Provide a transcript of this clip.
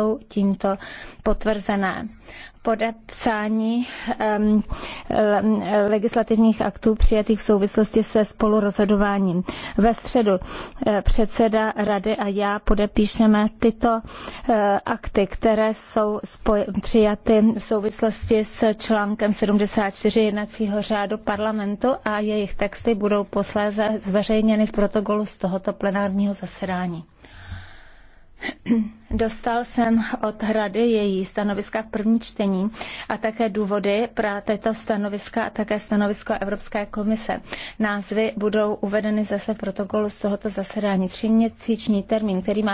jsou tímto potvrzené. Podepsání um, legislativních aktů přijatých v souvislosti se spolurozhodováním. Ve středu eh, předseda rady a já podepíšeme tyto eh, akty, které jsou přijaty v souvislosti s článkem 74 jednacího řádu parlamentu a jejich texty budou posléze zveřejněny v protokolu z tohoto plenárního zasedání. Dostal jsem od Hrady její stanoviska v první čtení a také důvody pro tato stanoviska a také stanovisko Evropské komise. Názvy budou uvedeny zase v protokolu z tohoto zasedání. Tříměsíční termín, který má